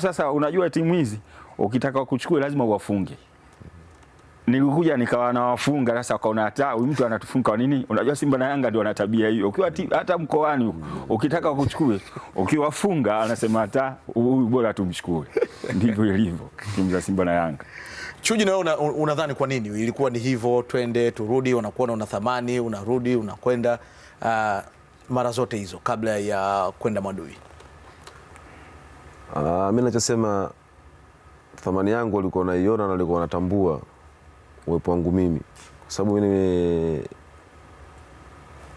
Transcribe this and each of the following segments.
Sasa unajua timu hizi ukitaka kuchukua lazima uwafunge. Nilikuja nikawa nawafunga, sasa ukaona hata huyu mtu anatufunga kwa nini? Unajua Simba na Yanga ndio wana tabia hiyo. Ukiwa hata mkoani ukitaka kuchukue, ukiwafunga anasema hata huyu bora tumchukue. Ndivyo ilivyo timu za Simba na Yanga. Chuji, na wewe unadhani kwa nini ilikuwa ni hivyo? Twende turudi, unakuona una thamani, unarudi unakwenda, uh, mara zote hizo kabla ya kwenda Mwadui mimi ah, ninachosema thamani yangu walikuwa naiona na walikuwa wanatambua uwepo wangu mimi, kwa sababu mimi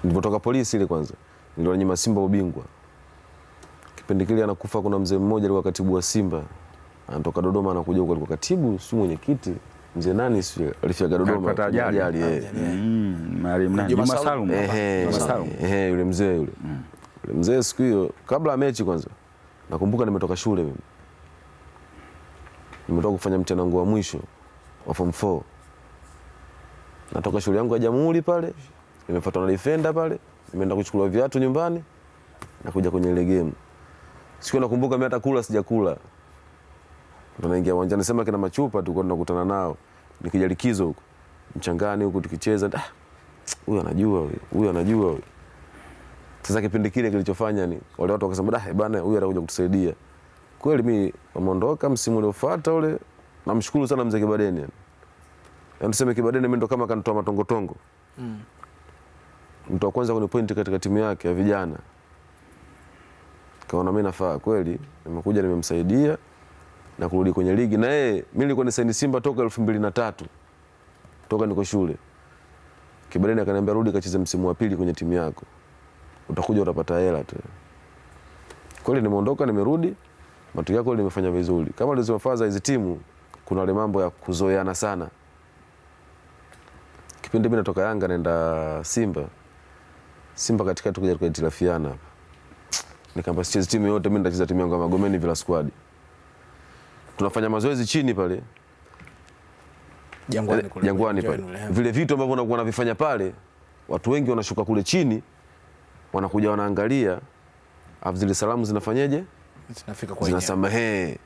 nilipotoka polisi ile kwanza niliona nyuma Simba ubingwa. Kipindi kile anakufa, kuna mzee mmoja alikuwa katibu wa Simba anatoka Dodoma anakuja huko, alikuwa katibu si mwenyekiti mzee nani si alifika Dodoma ajali eh, eh, yule mzee yule mm. yule mzee siku hiyo kabla ya mechi kwanza Nakumbuka nimetoka shule mimi, nimetoka kufanya mtihani wangu wa mwisho wa form 4 natoka shule yangu ya Jamhuri pale, nimefuatwa na defender pale, nimeenda kuchukua viatu nyumbani na kuja kwenye ile game. Sikuwa nakumbuka mimi hata kula sijakula. Ndo naingia uwanjani sema kina machupa tulikuwa tunakutana nao. Nikija likizo huko, mchangani huko tukicheza, huyu anajua huyu, huyu anajua huyu. Sasa kipindi kile kilichofanya ni wale watu wakasema da bana, huyu atakuja kutusaidia kweli. Mimi wameondoka msimu uliofuata ule, namshukuru sana mzee Kibadeni yani, yaani tuseme Kibadeni mimi ndo kama kanitoa matongotongo mm. mtu wa kwanza kwenye kunipointi katika timu yake ya vijana, kaona mimi nafaa kweli, nimekuja nimemsaidia na kurudi kwenye ligi na yeye. Mimi nilikuwa ni nisaini Simba toka 2003 toka niko shule. Kibadeni akaniambia rudi kacheze msimu wa pili kwenye timu yako utakuja utapata hela tu. Kweli nimeondoka nimerudi, matokeo kweli nimefanya vizuri. Kama nilizofaza hizi timu, kuna wale mambo ya kuzoeana sana. Kipindi mimi natoka Yanga naenda Simba, Simba katikati kwa tukajitilafiana hapa, nikaamba sichezi timu yote mimi, nitacheza timu yangu ya Magomeni Villa Squad. Tunafanya mazoezi chini pale Jangwani, kule Jangwani pale vile vitu ambavyo unakuwa unavifanya pale, watu wengi wanashuka kule chini wanakuja wanaangalia afzili salamu zinafanyeje, zinafika kwa zinasamehe.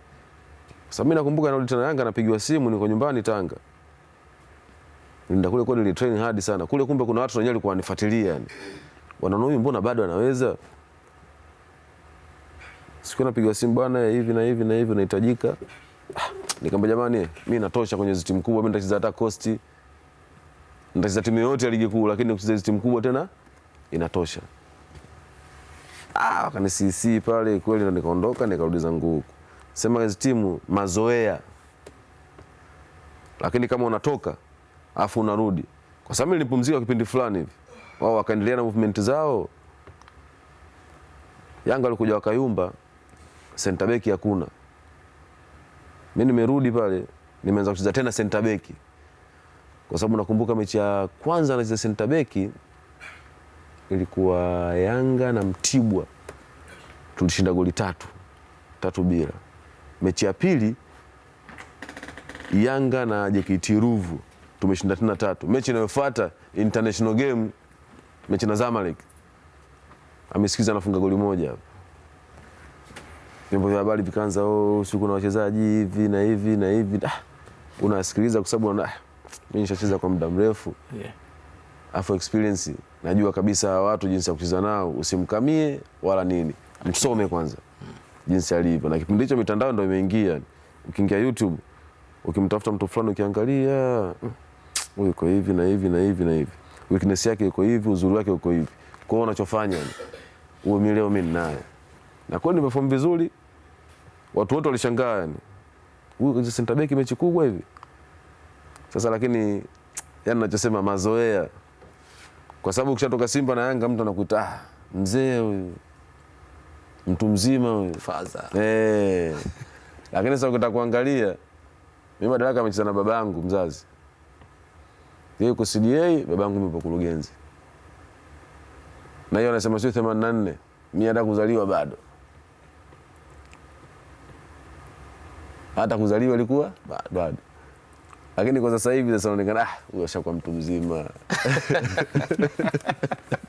Sasa mimi nakumbuka narudi tena Yanga, napigiwa simu, niko nyumbani Tanga, nenda kule kule, train hard sana kule. Kumbe kuna watu wenyewe walikuwa wanifuatilia, yani wanaona huyu mbona bado anaweza. Siku napigiwa simu, bwana, hivi na hivi na hivi unahitajika. Ah, nikamwambia jamani, mi natosha kwenye hizo timu kubwa, mimi nitacheza hata Coast, nitacheza timu yoyote ya ligi kuu, lakini kucheza hizo timu kubwa tena inatosha ah, wakanisisi pale kweli, ndo nikaondoka nikarudi zangu huku. Sema hizo timu mazoea, lakini kama unatoka afu unarudi, kwa sababu nilipumzika kipindi fulani hivi, wao wakaendelea na movement zao. Yanga alikuja wakayumba, center back hakuna. Mimi nimerudi pale, nimeanza kucheza tena center back, kwa sababu nakumbuka mechi ya kwanza nacheza center back ilikuwa Yanga na Mtibwa, tulishinda goli tatu tatu bila. Mechi ya pili Yanga na JKT Ruvu tumeshinda tena tatu. Mechi inayofuata international game, mechi na Zamalek, amesikiza anafunga goli moja hapa vyombo vya habari vikaanza, oh, si kuna wachezaji hivi na hivi na hivi. Ah, unasikiliza kwa sababu ah, mimi nishacheza kwa muda mrefu yeah afu experience najua kabisa watu jinsi ya kucheza nao, usimkamie wala nini, msome kwanza jinsi alivyo. Na kipindi hicho mitandao ndio imeingia, ukiingia YouTube ukimtafuta mtu fulani ukiangalia, mm, huyu uko hivi na hivi na hivi na hivi, weakness yake uko hivi, uzuri wake uko hivi, kwa hiyo unachofanya huyo mimi leo mimi ninaye na kwa nimeform vizuri, watu wote walishangaa, yani huyu center back mechi kubwa hivi sasa, lakini yani nachosema mazoea kwa sababu ukishatoka Simba na Yanga mtu anakuita ah, mzee huyu mtu mzima huyu faza eh. Lakini sasa ukitaka kuangalia, mimi Madaraka amecheza na babangu mzazi, yeye yuko CDA, babangu yupo kurugenzi, na hiyo anasema sio 84 mimi hata kuzaliwa bado, hata kuzaliwa ilikuwa bado bado lakini kwa sasa hivi sasa naonekana ah, umeshakuwa mtu mzima